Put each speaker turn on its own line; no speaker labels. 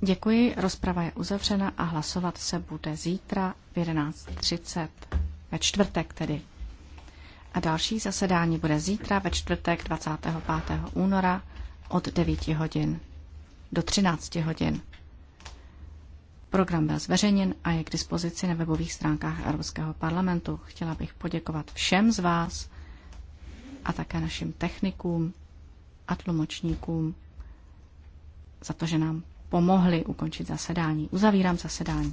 Děkuji, rozprava je uzavřena a hlasovat se bude zítra v 11.30, ve čtvrtek tedy. A další zasedání bude zítra ve čtvrtek 25. února od 9 hodin do 13 hodin. Program byl zveřejněn a je k dispozici na webových stránkách Evropského parlamentu. Chtěla bych poděkovat všem z vás a také našim technikům a tlumočníkům za to, že nám pomohli ukončit zasedání. Uzavírám zasedání.